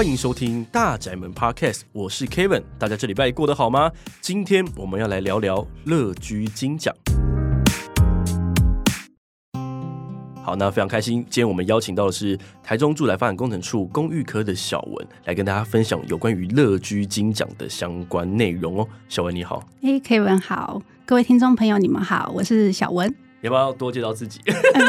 歡迎收聽大宅門 Podcast，我是 Kevin。大家這禮拜過得好嗎？今天我們要來聊聊樂居金獎。好，那非常開心。今天我們邀請到的是台中住宅發展工程處公寓科的小文，來跟大家分享有關於樂居金獎的相關內容哦。小文你好，哎，Kevin 好，各位聽眾朋友你們好，我是小文。要不要多介紹自己？不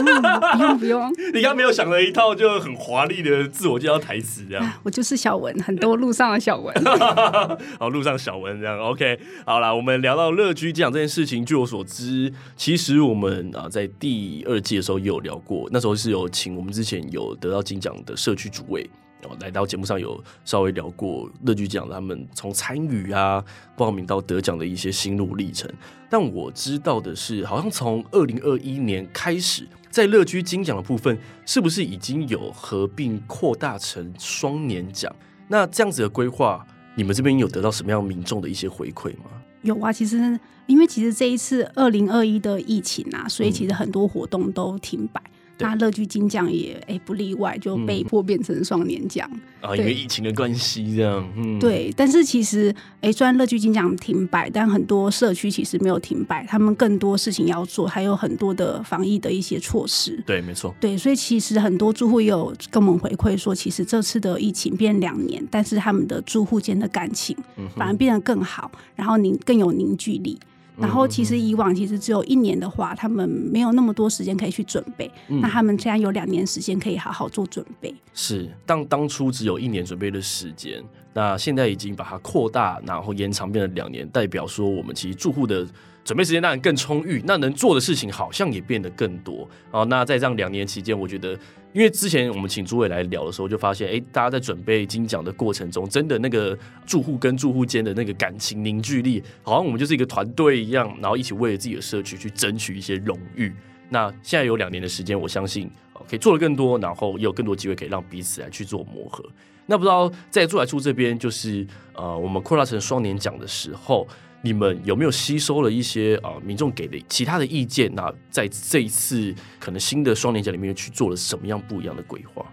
用、嗯、不用，不用 你剛剛沒有想了一套就很華麗的自我介紹台詞，這樣。我就是小文，很多路上的小文， 好，路上小文這樣。OK，好啦，我們聊到樂居獎這件事情，據我所知，其實我們啊在第二季的時候也有聊過，那時候是有請我們之前有得到金獎的社區主委，我、哦、來到節目上有稍微聊過樂居獎，他們從參與啊、報名到得獎的一些心路歷程。但我知道的是，好像從二零二一年開始，在樂居金獎的部分，是不是已經有合併擴大成雙年獎？那這樣子的規劃，你們這邊有得到什麼樣民眾的一些回饋嗎？有啊，其實因為其實這一次二零二一的疫情啊，所以其實很多活動都停擺。嗯那樂居金獎也、欸、不例外就被迫變成雙年獎、嗯、啊，因為疫情的關係這樣。嗯、對，但是其實誒、欸，雖然樂居金獎停擺，但很多社區其實沒有停擺，他們更多事情要做，還有很多的防疫的一些措施。對，沒錯。對，所以其實很多住戶也有跟我們回饋說，其實這次的疫情變兩年，但是他們的住戶間的感情反而變得更好，然後你更有凝聚力。然後，其實以往其實只有一年的話，他們沒有那麼多時間可以去準備。嗯，那他們現在有兩年時間可以好好做準備。是，當當初只有一年準備的時間，那現在已經把它擴大，然後延長，變得兩年，代表說我們其實住戶的。準備時間當然更充裕，那能做的事情好像也變得更多哦。然後那在這樣兩年期間，我覺得，因為之前我們請諸位來聊的時候，就發現，誒、欸，大家在準備金獎的過程中，真的那個住戶跟住戶間的那個感情凝聚力，好像我們就是一個團隊一樣，然後一起為了自己的社區去爭取一些榮譽。那現在有兩年的時間，我相信可以做得更多，然後也有更多機會可以讓彼此來去做磨合。那不知道在住宅處這邊，就是呃，我們擴大成雙年獎的時候。你們有沒有吸收了一些啊民眾給的其他的意見？那在這一次可能新的雙年獎裡面去做了什麼樣不一樣的規劃？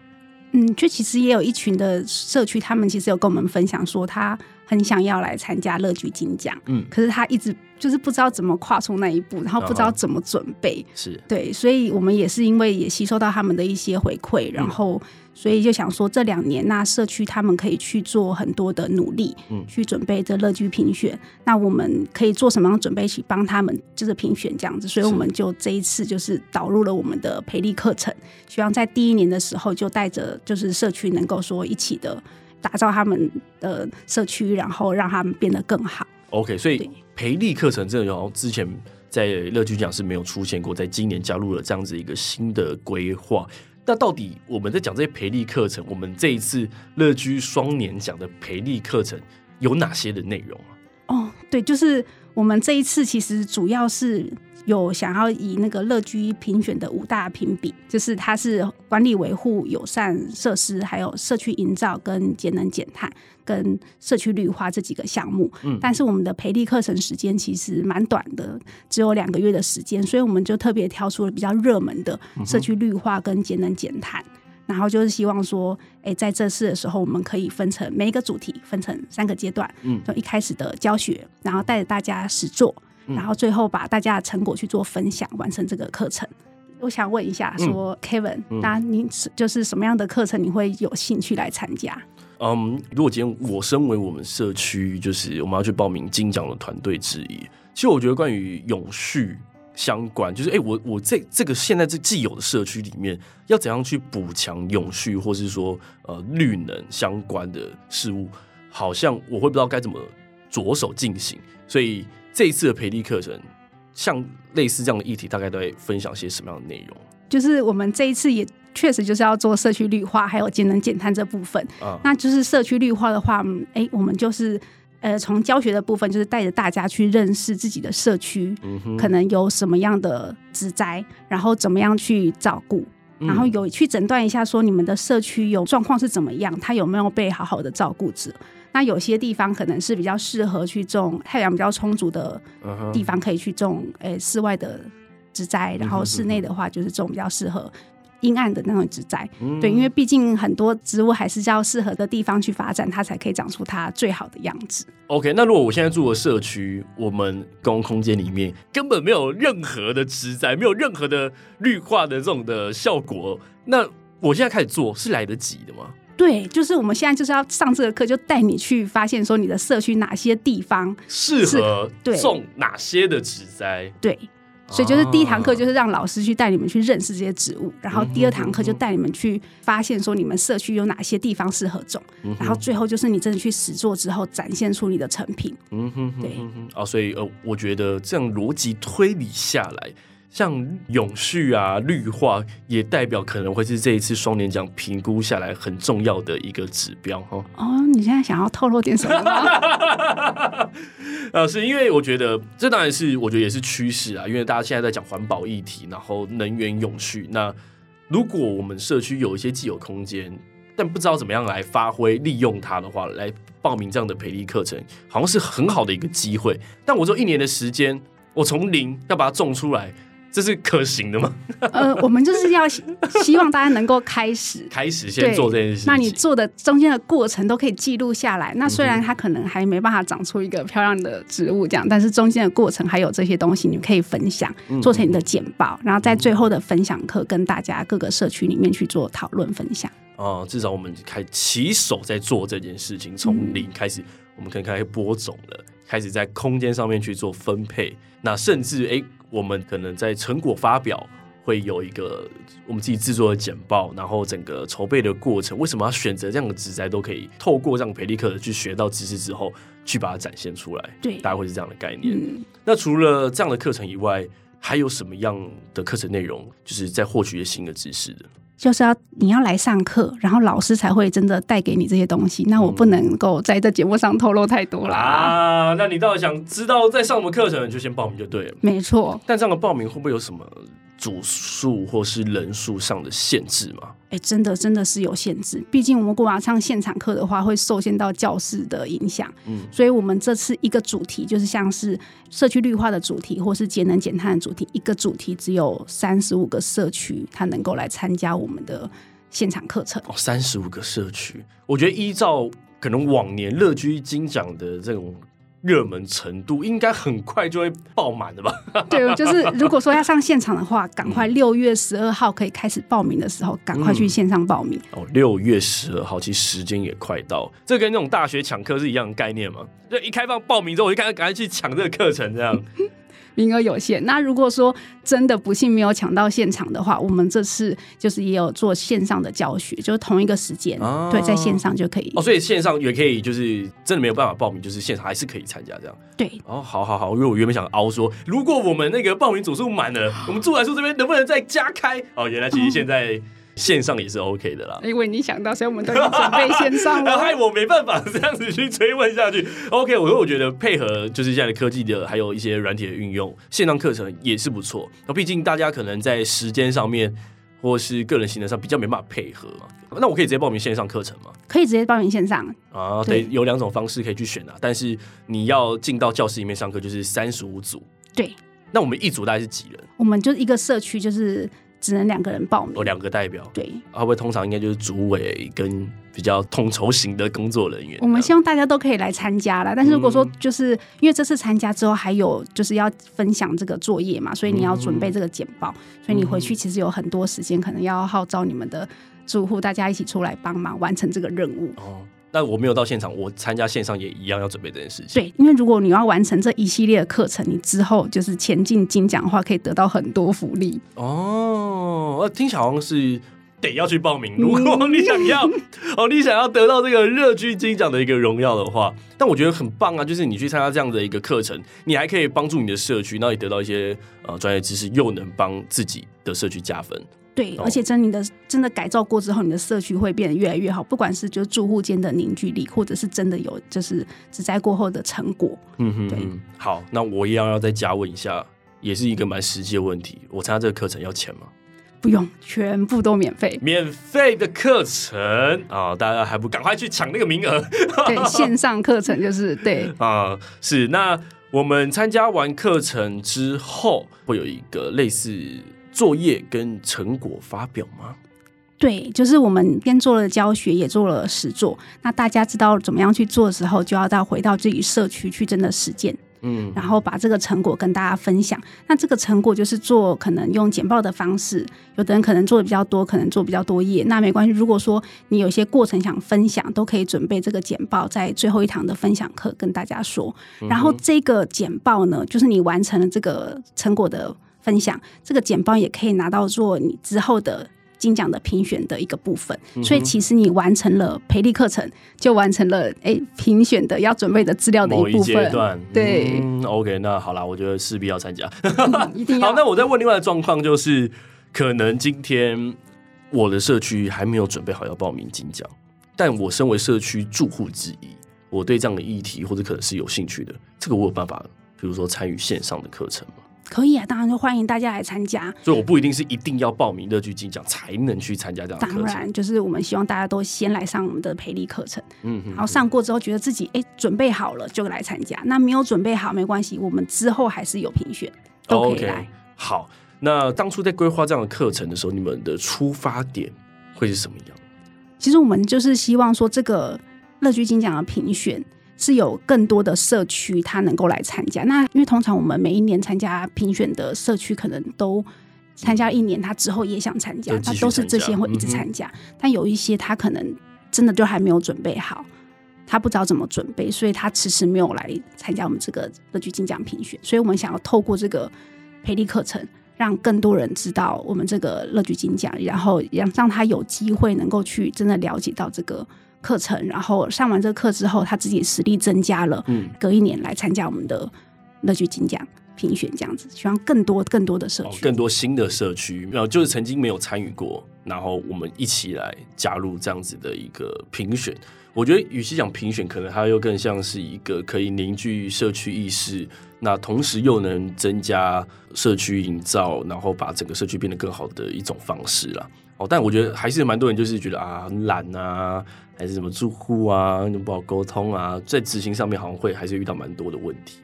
嗯，就其實也有一群的社區，他們其實有跟我們分享說，他很想要來參加樂居金獎，嗯，可是他一直。就是不知道怎麼跨出那一步，然後不知道怎麼準備，哦、是對，所以我們也是因為也吸收到他們的一些回饋，嗯、然後所以就想說這兩年那社區他們可以去做很多的努力，嗯，去準備這樂居評選，那我們可以做什麼樣準備去幫他們就是評選這樣子，所以我們就這一次就是導入了我們的培力課程，希望在第一年的時候就帶着就是社區能夠說一起的打造他們的社區，然後讓他們變得更好。OK，所以培力課程這個之前在樂居獎是沒有出現過，在今年加入了這樣子一個新的規劃。那到底我們在講這些培力課程，我們這一次樂居雙年獎的培力課程有哪些的內容啊？哦，oh, 對，就是。我們這一次其實主要是有想要以那個樂居評選的五大評比，就是它是管理維護、友善設施、還有社區營造、跟節能減碳、跟社區綠化這幾個項目。嗯。但是我們的培力課程時間其實蠻短的，只有兩個月的時間，所以我們就特別挑出了比較熱門的社區綠化跟節能減碳。嗯然後就是希望說，哎、欸，在這次的時候，我們可以分成每一個主題，分成三個階段，從、嗯、一開始的教學，然後帶着大家實作，嗯、然後最後把大家的成果去做分享，完成這個課程。我想問一下，說 Kevin，、嗯嗯、那你就是什麼樣的課程你會有興趣來參加？嗯，如果今天我身為我們社區，就是我們要去報名金獎的團隊之一，其實我覺得關於永續。相關就是哎、欸，我我這這個現在這既有的社區裡面，要怎樣去補強永續，或是說呃綠能相關的事物，好像我會不知道該怎麼着手進行。所以這一次的培力課程，像類似這樣的議題，大概都會分享些什麼樣的內容？就是我們這一次也確實就是要做社區綠化，還有節能減碳這部分。啊、嗯，那就是社區綠化的話，哎、欸，我們就是。呃，從教學的部分就是帶着大家去認識自己的社區，嗯、哼可能有什麼樣的植栽，然後怎麼樣去照顧，嗯、然後有去診斷一下說你們的社區有狀況是怎麼樣，它有沒有被好好的照顧着。那有些地方可能是比較適合去種太陽比較充足的，地方可以去種，呃，室外的植栽，然後室內的話就是種比較適合。嗯、哼陰暗的那種植栽，嗯、對，因為畢竟很多植物還是要適合的地方去發展，它才可以長出它最好的樣子。OK，那如果我現在住的社區，我們公共空間裡面根本沒有任何的植栽，沒有任何的綠化的這種的效果，那我現在開始做是來得及的嗎？對，就是我們現在就是要上這個課，就帶你去發現說你的社區哪些地方適合種哪些的植栽，對。對所以就是第一堂課就是讓老師去帶你們去認識這些植物，然後第二堂課就帶你們去發現說你們社區有哪些地方適合種，然後最後就是你真的去實作之後展現出你的成品。嗯哼，對啊，所以，呃，我覺得這樣邏輯推理下來。像永續啊，綠化也代表可能會是這一次雙年獎評估下來很重要的一個指標哈。哦，你現在想要透露點什麼嗎？呃、 啊，是因為我覺得這當然是我覺得也是趨勢啊，因為大家現在在講環保議題，然後能源永續。那如果我們社區有一些既有空間，但不知道怎麼樣來發揮利用它的話，來報名這樣的培力課程，好像是很好的一個機會。但我這一年的時間，我從零要把它種出來。這是可行的嗎？ 呃，我們就是要希望大家能夠開始 開始先做這件事情。那你做的中間的過程都可以記錄下來。那雖然它可能還沒辦法長出一個漂亮的植物這樣，嗯、哼但是中間的過程還有這些東西，你可以分享，做成你的簡報，嗯、哼然後在最後的分享課跟大家各個社區裡面去做討論分享。啊、哦，至少我們開起手在做這件事情，從零開始，嗯、我們可，能可，能可以開始播種了，開始在空間上面去做分配。那甚至哎。欸我們可能在成果發表會有一個我們自己製作的簡報，然後整個籌備的過程，為什麼要選擇這樣的題材，都可以透過這樣培力課去學到知識之後去把它展現出來。對，大概會是這樣的概念。嗯、那除了這樣的課程以外，還有什麼樣的課程內容，就是在獲取一些新的知識的？就是要你要來上課，然後老師才會真的帶給你這些東西。那我不能夠在這節目上透露太多了、嗯、啊！那你倒是想知道在上什麼課程，就先報名就對了，沒錯。但這樣的報名會不會有什麼？組數或是人數上的限制嗎？哎、欸，真的真的是有限制，畢竟我們如果要上現場課的話，會受限到教室的影響。嗯，所以我們這次一個主題就是像是社區綠化的主題，或是節能減碳的主題，一個主題只有三十五個社區，它能夠來參加我們的現場課程。哦，三十五個社區，我覺得依照可能往年樂居金獎的這種熱門程度應該很快就會爆滿的吧？對，就是如果說要上現場的話，趕快六月十二號可以開始報名的時候，嗯、趕快去線上報名。哦，六月十二號，其實時間也快到，這跟那種大學搶課是一樣的概念嗎？就一開放報名之後，我就趕快去搶這個課程，這樣。 名額有,有限，那如果說真的不幸沒有搶到現場的話，我們這次就是也有做線上的教學，就是同一個時間，啊、對，在線上就可以哦，所以線上也可以，就是真的沒有辦法報名，就是現場還是可以參加這樣。對，哦，好好好，因為我原本想凹說，如果我們那個報名總數滿了，我們住宅處這邊能不能再加開？哦，原來其實現在、嗯。線上也是 OK 的啦，因為你想到，所以我們在準備線上了。害 我沒辦法這樣子去追問下去。OK，我我覺得配合就是現在的科技的，還有一些軟體的運用，線上課程也是不錯。那畢竟大家可能在時間上面，或是個人行程上比較沒辦法配合嘛。那我可以直接報名線上課程嗎？可以直接報名線上啊？對，有兩種方式可以去選啊。但是你要進到教室裡面上課就是三十五組。對，那我們一組大概是幾人？我們就一個社區就是。只能兩個人報名，有兩個代表，對，會不會通常應該就是主委跟比較統籌型的工作人員。我們希望大家都可以來參加啦，但是如果說就是、嗯、因為這次參加之後還有就是要分享這個作業嘛，所以你要準備這個簡報，嗯、哼所以你回去其實有很多時間，可能要號召你們的住戶大家一起出來幫忙完成這個任務。哦但我沒有到現場，我參加線上也一樣要準備這件事情。對，因為如果你要完成這一系列的課程，你之後就是前進金獎的話，可以得到很多福利。哦，聽起來是得要去報名，如果你想要 哦，你想要得到這個樂居金獎的一個榮耀的話，但我覺得很棒啊！就是你去參加這樣的一個課程，你還可以幫助你的社區，然後你得到一些呃專業知識，又能幫自己的社區加分。對，而且真的你的真的改造過之後，你的社區會變得越來越好。不管是就是住戶間的凝聚力，或者是真的有就是實作過後的成果。嗯哼，對、嗯。好，那我一樣要再加問一下，也是一個蠻實際的問題。我參加這個課程要錢嗎？不用，全部都免費。免費的課程啊、哦，大家還不趕快去搶那個名額？ 對，線上課程就是對啊、嗯，是。那我們參加完課程之後，會有一個類似。作業跟成果發表嗎？對，就是我們邊做了教學，也做了實作。那大家知道怎麼樣去做的時候，就要再回到自己社區去真的實踐，嗯，然後把這個成果跟大家分享。那這個成果就是做可能用簡報的方式，有的人可能做的比較多，可能做比較多頁，那沒關係。如果說你有些過程想分享，都可以準備這個簡報，在最後一堂的分享課跟大家說。嗯哼。然後這個簡報呢，就是你完成了這個成果的。分享這個簡報也可以拿到做你之後的金獎的評選的一個部分，嗯、哼所以其實你完成了培力課程，就完成了哎評選的要準備的資料的一部分。一階段對、嗯、，OK，那好啦，我覺得勢必要參加， 嗯、一定要。好，那我再問另外的狀況，就是可能今天我的社區還沒有準備好要報名金獎，但我身為社區住戶之一，我對這樣的議題或者可能是有興趣的，這個我有辦法，比如說參與線上的課程嗎？可以啊，當然就歡迎大家來參加。所以我不一定是一定要報名樂居金獎才能去參加這樣的課程。當然，就是我們希望大家都先來上我們的培力課程，嗯哼哼，然後上過之後覺得自己哎準備好了就來參加。那沒有準備好沒關係，我們之後還是有評選，都可以來。Oh, okay. 好，那當初在規劃這樣的課程的時候，你們的出發點會是什麼樣？其實我們就是希望說，這個樂居金獎的評選。是有更多的社區他能夠來參加，那因為通常我們每一年參加評選的社區可能都參加一年，他之後也想參加，對他都是這些會一直參加。嗯、哼但有一些他可能真的就還沒有準備好，他不知道怎麼準備，所以他遲遲沒有來參加我們這個樂居金獎評選。所以我們想要透過這個培力課程，讓更多人知道我們這個樂居金獎，然後讓讓他有機會能夠去真的了解到這個。課程，然後上完這個課之後，他自己實力增加了，嗯，隔一年來參加我們的樂居金獎評選，這樣子，希望更多更多的社區，更多新的社區，然後就是曾經沒有參與過，嗯、然後我們一起來加入這樣子的一個評選。我覺得與其講評選，可能它又更像是一個可以凝聚社區意識，那同時又能增加社區營造，然後把整個社區變得更好的一種方式了。哦，但我覺得還是蠻多人就是覺得啊很懶啊，還是什麼住戶啊不好溝通啊，在執行上面好像會還是遇到蠻多的問題。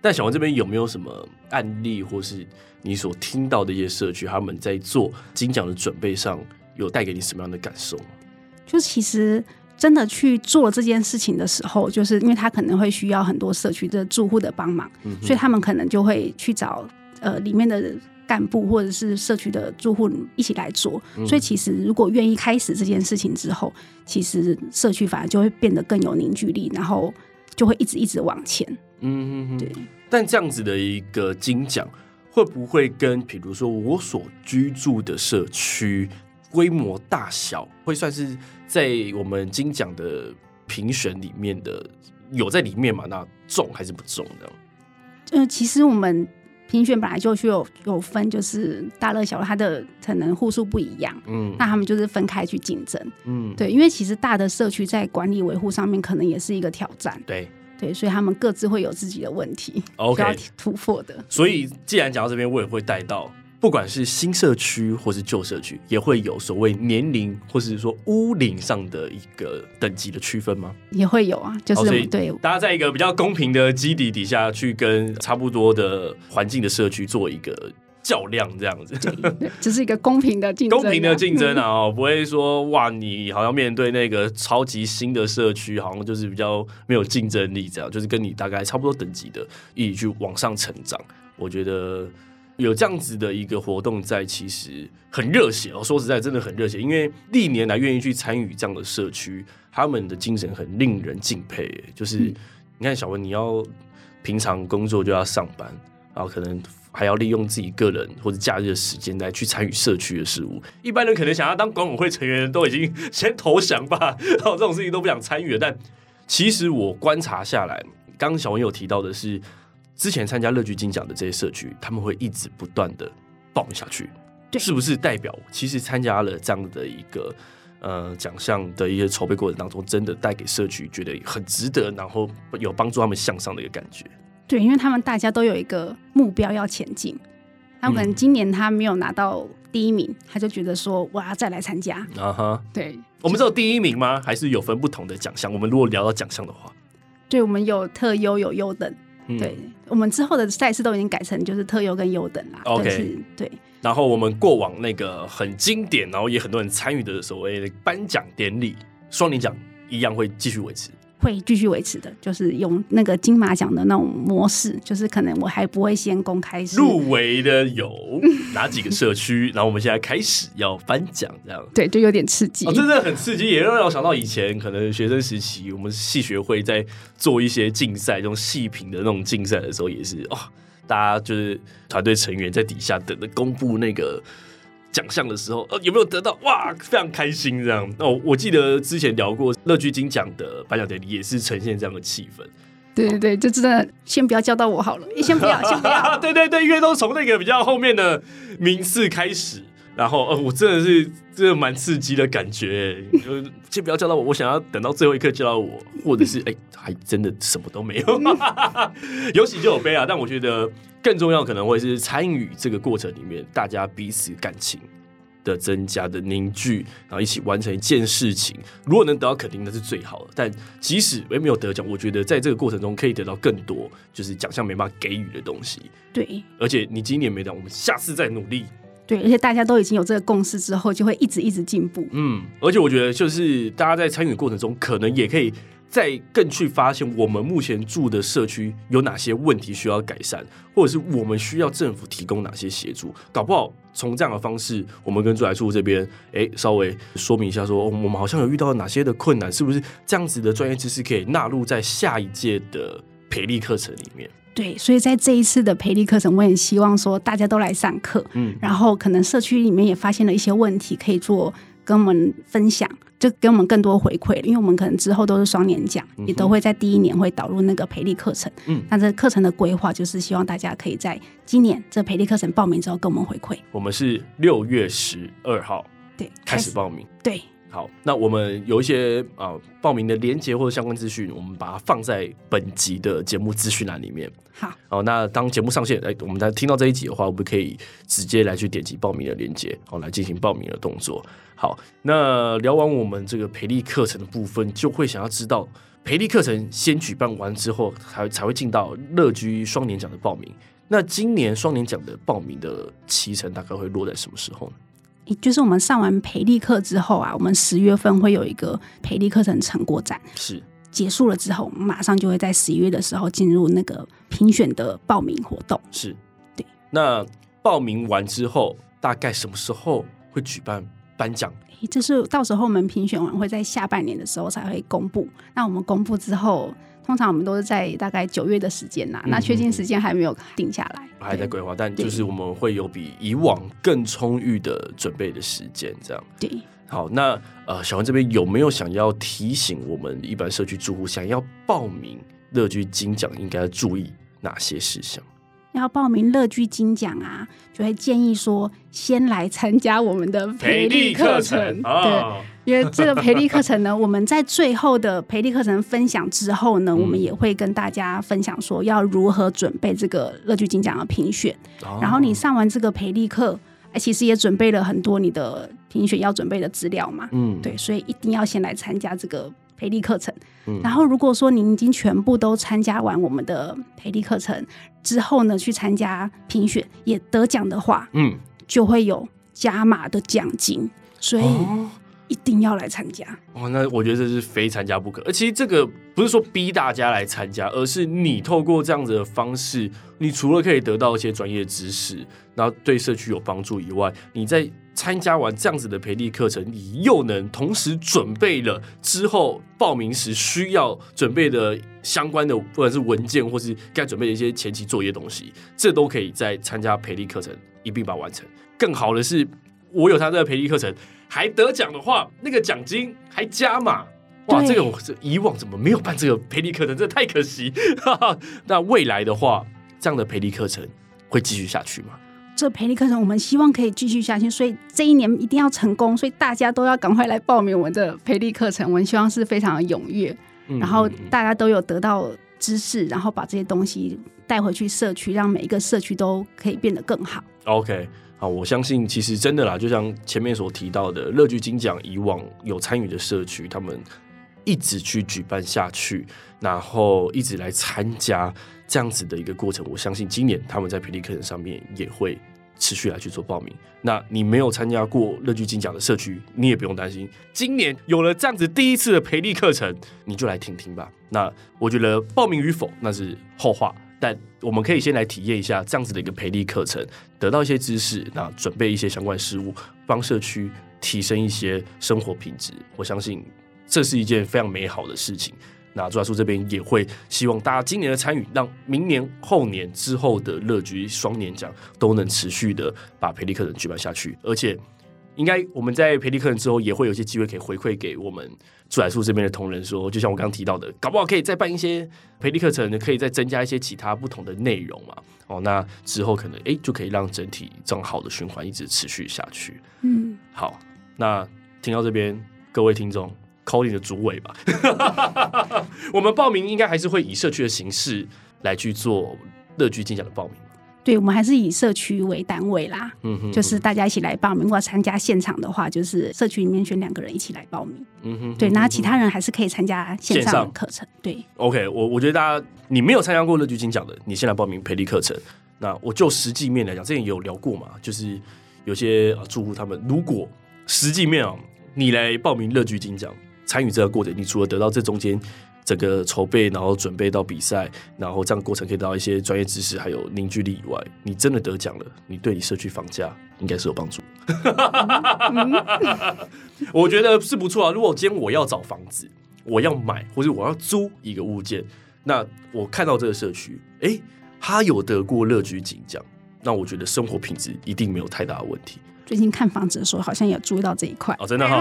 但小王這邊有沒有什麼案例，或是你所聽到的一些社區他們在做金獎的準備上，有帶給你什麼樣的感受嗎？就其實真的去做這件事情的時候，就是因為他可能會需要很多社區的住戶的幫忙，嗯、哼所以他們可能就會去找呃裡面的。幹部或者是社區的住戶一起來做，嗯、哼所以其實如果願意開始這件事情之後，其實社區反而就會變得更有凝聚力，然後就會一直一直往前。嗯嗯對。但這樣子的一個金獎會不會跟，比如說我所居住的社區規模大小，會算是在我們金獎的評選裡面的有在裡面嘛？那重還是不重呢？嗯、呃，其實我們。評選本來就就有有分，就是大樂小樂，它的可能戶數不一樣，嗯，那他們就是分開去競爭，嗯，對，因為其實大的社區在管理維護上面可能也是一個挑戰，對，對，所以他們各自會有自己的問題，okay, 需要突破的。所以既然講到這邊，我也會帶到。不管是新社區或是舊社區，也會有所謂年齡或是說屋齡上的一個等級的區分嗎？也會有啊，就是對，大家在一個比較公平的基底底下去跟差不多的環境的社區做一個較量，這樣子，這，就是一個公平的競爭，啊， 公平的競爭啊，不會說哇，你好像面對那個超級新的社區，好像就是比較沒有競爭力這樣，就是跟你大概差不多等級的一起去往上成長，我覺得。有這樣子的一個活動在，其實很熱血哦。說實在，真的很熱血，因為歷年來願意去參與這樣的社區，他們的精神很令人敬佩。就是你看，小文，你要平常工作就要上班，然後可能還要利用自己個人或者假日的時間來去參與社區的事務。一般人可能想要當管委會成員，都已經先投降吧，然後哦，這種事情都不想參與了。但其實我觀察下來，剛小文有提到的是，之前參加樂居金獎的這些社區，他們會一直不斷的報下去，對是不是代表其實參加了這樣的一個呃獎項的一些籌備過程當中，真的帶給社區覺得很值得，然後有幫助他們向上的一個感覺？對，因為他們大家都有一個目標要前進。他們今年他沒有拿到第一名，嗯、他就覺得說我要再來參加。啊哈、uh，huh、對，我們只有第一名嗎？就還是有分不同的獎項？我們如果聊到獎項的話，對，我們有特優，有優等。嗯、對我們之後的賽事都已經改成就是特優跟優等啦。OK，就是、對。然後我們過往那個很經典，然後也很多人參與的所謂的頒獎典禮雙年獎，一樣會繼續維持。會繼續維持的，就是用那個金馬獎的那種模式，就是可能我還不會先公開入圍的有哪幾個社區， 然後我們現在開始要頒獎，這樣對，就有點刺激，哦，真的很刺激，也讓我想到以前可能學生時期我們系學會在做一些競賽，這種細品的那種競賽的時候，也是哦，大家就是團隊成員在底下等着公布那個。獎項的時候，呃，有沒有得到哇？非常開心這樣哦。我記得之前聊過樂居金獎的頒獎典禮，也是呈現這樣的氣氛。對對對，哦、就真的先不要叫到我好了，你先不要，先不要。 對對對，因為都從那個比較後面的名次開始。然後、呃，我真的是，真的蠻刺激的感覺。就是、先不要叫到我，我想要等到最後一刻叫到我，或者是，哎，還真的什麼都沒有，哈哈哈哈，有喜就有悲啊。但我覺得更重要，可能會是參與這個過程裡面，大家彼此感情的增加、的凝聚，然後一起完成一件事情。如果能得到肯定，那是最好的。但即使我也沒有得獎，我覺得在這個過程中可以得到更多，就是獎項沒辦法給予的東西。對，而且你今年沒得到，我們下次再努力。對，而且大家都已經有這個共識之後，就會一直一直進步。嗯，而且我覺得就是大家在參與的過程中，可能也可以再更去發現我們目前住的社區有哪些問題需要改善，或者是我們需要政府提供哪些協助。搞不好從這樣的方式，我們跟住宅處這邊，哎，稍微說明一下說，說我們好像有遇到哪些的困難，是不是這樣子的專業知識可以納入在下一屆的培力課程裡面？對，所以在這一次的培力課程，我也希望說大家都來上課，嗯，然後可能社區裡面也發現了一些問題，可以做跟我們分享，就給我們更多回饋，因為我們可能之後都是雙年獎，嗯、哼也都會在第一年會導入那個培力課程，嗯，那這課程的規劃就是希望大家可以在今年這培力課程報名之後跟我們回饋，我們是六月十二號對開始報名，開始，對。好，那我們有一些啊、哦、報名的鏈接或者相關資訊，我們把它放在本集的節目資訊欄裡面。好、哦，那當節目上線，哎、欸，我們大家聽到這一集的話，我們可以直接來去點擊報名的鏈接，哦，來進行報名的動作。好，那聊完我們這個培力課程的部分，就會想要知道培力課程先舉辦完之後，才才會進到樂居雙年獎的報名。那今年雙年獎的報名的期程大概會落在什麼時候呢？就是我們上完培力課之後啊，我們十月份會有一個培力課程成果展，是結束了之後，馬上就會在十一月的時候進入那個評選的報名活動。是對，那報名完之後，大概什麼時候會舉辦頒獎？這是到時候我們評選完會在下半年的時候才會公布。那我們公布之後。通常我們都是在大概九月的時間吶，嗯、那確定時間還沒有定下來，還，對還在規劃。但就是我們會有比以往更充裕的準備的時間，這樣。對，好，那呃，小文這邊有沒有想要提醒我們一般社區住戶想要報名樂居金獎，應該要注意哪些事項？要報名樂居金獎啊，就會建議說先來參加我們的培力課程。課程對。哦因為這個培力課程呢， 我們在最後的培力課程分享之後呢，嗯、我們也會跟大家分享說要如何準備這個樂居金獎的評選。哦、然後你上完這個培力課，哎，其實也準備了很多你的評選要準備的資料嘛。嗯，對，所以一定要先來參加這個培力課程。嗯、然後如果說你已經全部都參加完我們的培力課程之後呢，去參加評選也得獎的話，嗯，就會有加碼的獎金。所以。哦一定要來參加哦，那我覺得這是非參加不可。而其實這個不是說逼大家來參加，而是你透過這樣子的方式，你除了可以得到一些專業知識，然後對社區有幫助以外，你在參加完這樣子的培力課程，你又能同時準備了之後報名時需要準備的相關的，不管是文件或是該準備的一些前期作業的東西，這都可以在參加培力課程一併把它完成。更好的是。我有他這個培力課程，還得獎的話，那個獎金還加嘛？哇，對這個我是以往怎麼沒有辦這個培力課程，這太可惜。 那未來的話，這樣的培力課程會繼續下去嗎？這培力課程我們希望可以繼續下去，所以這一年一定要成功，所以大家都要趕快來報名我們的培力課程。我們希望是非常的踴躍，然後大家都有得到知識，然後把這些東西帶回去社區，讓每一個社區都可以變得更好。OK。啊、我相信，其實真的啦，就像前面所提到的，樂居金獎以往有參與的社區，他們一直去舉辦下去，然後一直來參加這樣子的一個過程。我相信今年他們在培力課程上面也會持續來去做報名。那你沒有參加過樂居金獎的社區，你也不用擔心，今年有了這樣子第一次的培力課程，你就來聽聽吧。那我覺得報名與否，那是後話。但我們可以先來體驗一下這樣子的一個培力課程，得到一些知識，那準備一些相關事物，幫社區提升一些生活品質。我相信這是一件非常美好的事情。那朱大叔這邊也會希望大家今年的參與，讓明年、後年之後的樂居雙年獎都能持續的把培力課程舉辦下去，而且。應該我們在培力課程之後，也會有些機會可以回饋給我們住宅處這邊的同仁，說，就像我剛剛提到的，搞不好可以再辦一些培力課程，可以再增加一些其他不同的內容嘛。哦，那之後可能哎，就可以讓整體這麼好的循環一直持續下去。嗯，好，那聽到這邊各位聽眾，call 你的主委吧。我們報名應該還是會以社區的形式來去做樂居金獎的報名。對，我們還是以社區為單位啦，嗯哼、嗯、就是大家一起來報名。如果參加現場的話，就是社區裡面選兩個人一起來報名。嗯哼、嗯、哼、嗯哼，對，那其他人還是可以參加線上的課程。線上。對，OK，我我覺得大家，你沒有參加過樂居金獎的，你先來報名培力課程。那我就實際面來講，之前有聊過嘛，就是有些住戶、啊、他們如果實際面啊，你來報名樂居金獎，參與這個過程，你除了得到這中間。整個籌備，然後準備到比賽，然後這樣過程可以得到一些專業知識，還有凝聚力以外，你真的得獎了，你對你社區房價應該是有幫助。 我覺得是不錯啊。如果今天我要找房子，我要買或者我要租一個物件，那我看到這個社區，哎，他有得過樂居金獎，那我覺得生活品質一定沒有太大的問題。最近看房子的時候，好像也租到這一塊。哦，真的哈、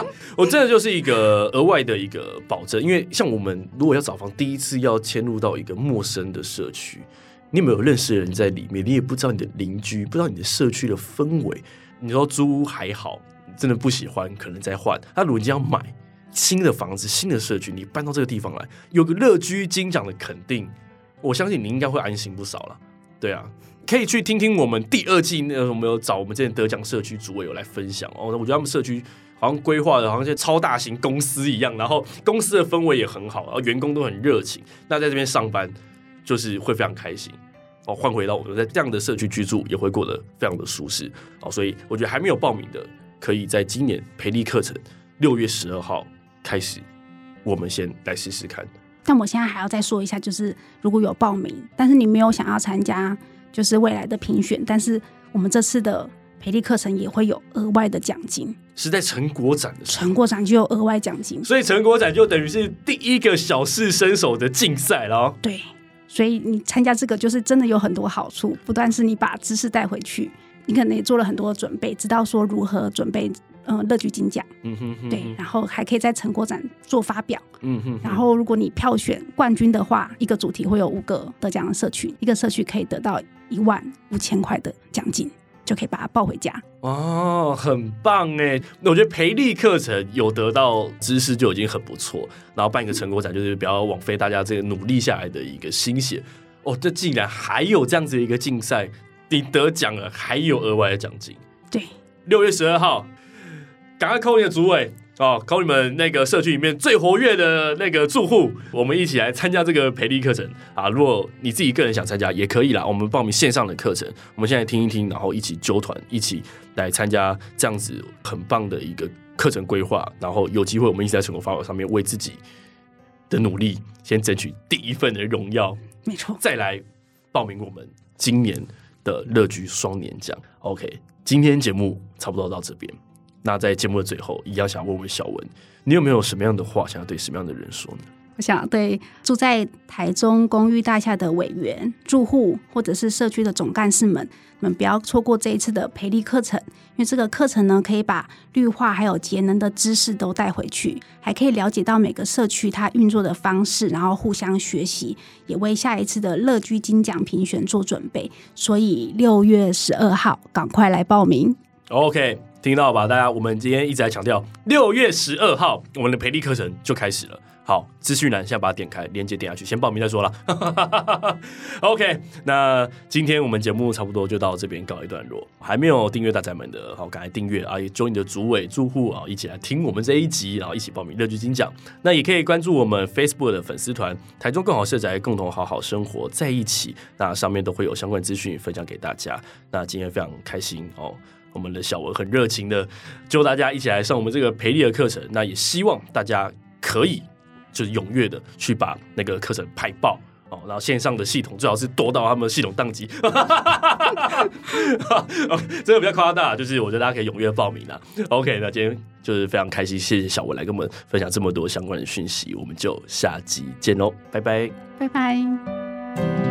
哦， 我真的就是一個額外的一個保證。因為像我們如果要找房，第一次要遷入到一個陌生的社區，你有沒有認識的人在裡面，你也不知道你的鄰居，不知道你的社區的氛圍。你說租還好，真的不喜歡，可能再換。那、啊、如果你要買新的房子，新的社區，你搬到這個地方來，有個樂居金獎的肯定，我相信你應該會安心不少了。對啊。可以去聽聽我們第二季，那有沒有找我們之前得獎社區主委有來分享哦？我覺得他們社區好像規劃的，好像是超大型公司一樣，然後公司的氛圍也很好，然後員工都很熱情。那在這邊上班就是會非常開心哦。換回到我們在這樣的社區居住，也會過得非常的舒適哦。所以我覺得還沒有報名的，可以在今年培力課程六月十二號開始，我們先來試試看。但我現在還要再說一下，就是如果有報名，但是你沒有想要參加。就是未來的評選，但是我們這次的培力課程也會有額外的獎金，是在成果展的時候，成果展就有額外獎金，所以成果展就等於是第一個小試身手的競賽了、哦、對，所以你參加這個就是真的有很多好處，不但是你把知識帶回去，你可能也做了很多準備，知道說如何準備。嗯，樂居金獎，嗯哼哼，哼，對，然後還可以在成果展做發表，嗯哼，哼，哼，然後如果你票選冠軍的話，一個主題會有五個得獎的社區，一個社區可以得到一萬五千塊的獎金，就可以把它抱回家。哦，很棒耶！那我覺得培力課程有得到知識就已經很不錯，然後辦一個成果展，就是不要枉費大家這個努力下來的一個心血。哦，這竟然還有這樣子的一個競賽，你得獎了還有額外的獎金。對，六月十二號。趕快扣你的組委啊，扣、哦、你們那個社區裡面最活躍的那個住戶，我們一起來參加這個培力課程啊！如果你自己個人想參加也可以啦，我們報名線上的課程，我們現在聽一聽，然後一起揪團，一起來參加這樣子很棒的一個課程規劃。然後有機會，我們一起在成果發表上面，為自己的努力先爭取第一份的榮耀，沒錯錯，再來報名我們今年的樂居雙年獎。OK，今天節目差不多到這邊。那在節目的最後，一樣想問問小文，你有沒有什麼樣的話想要對什麼樣的人說呢？我想對住在台中公寓大廈的委員、住戶，或者是社區的總幹事們，你們不要錯過這一次的培力課程，因為這個課程呢，可以把綠化還有節能的知識都帶回去，還可以了解到每個社區它運作的方式，然後互相學習，也為下一次的樂居金獎評選做準備。所以六月十二號，趕快來報名。OK。聽到吧，大家，我們今天一直在強調，六月十二號，我們的培力課程就開始了。好，資訊欄先把它點開，鏈接點下去，先報名再說了。 OK，那今天我們節目差不多就到這邊告一段落。還沒有訂閱大宅門的，好，趕快訂閱啊！也揪你的主委住戶啊、哦，一起來聽我們這一集，然後一起報名樂居金獎。那也可以關注我們 Facebook 的粉絲團“台中共好社宅，共同好好生活在一起”。那上面都會有相關資訊分享給大家。那今天非常開心哦。我們的小文很熱情的，叫大家一起來上我們這個培力的課程。那也希望大家可以就是踴躍的去把那個課程拍爆哦。然後線上的系統最好是多到他們系統當機，這 個、 哦、比較誇大，就是我覺得大家可以踴躍報名啦。OK，那今天就是非常開心，謝謝小文來跟我們分享這麼多相關的訊息。我們就下集見哦，拜拜，拜拜。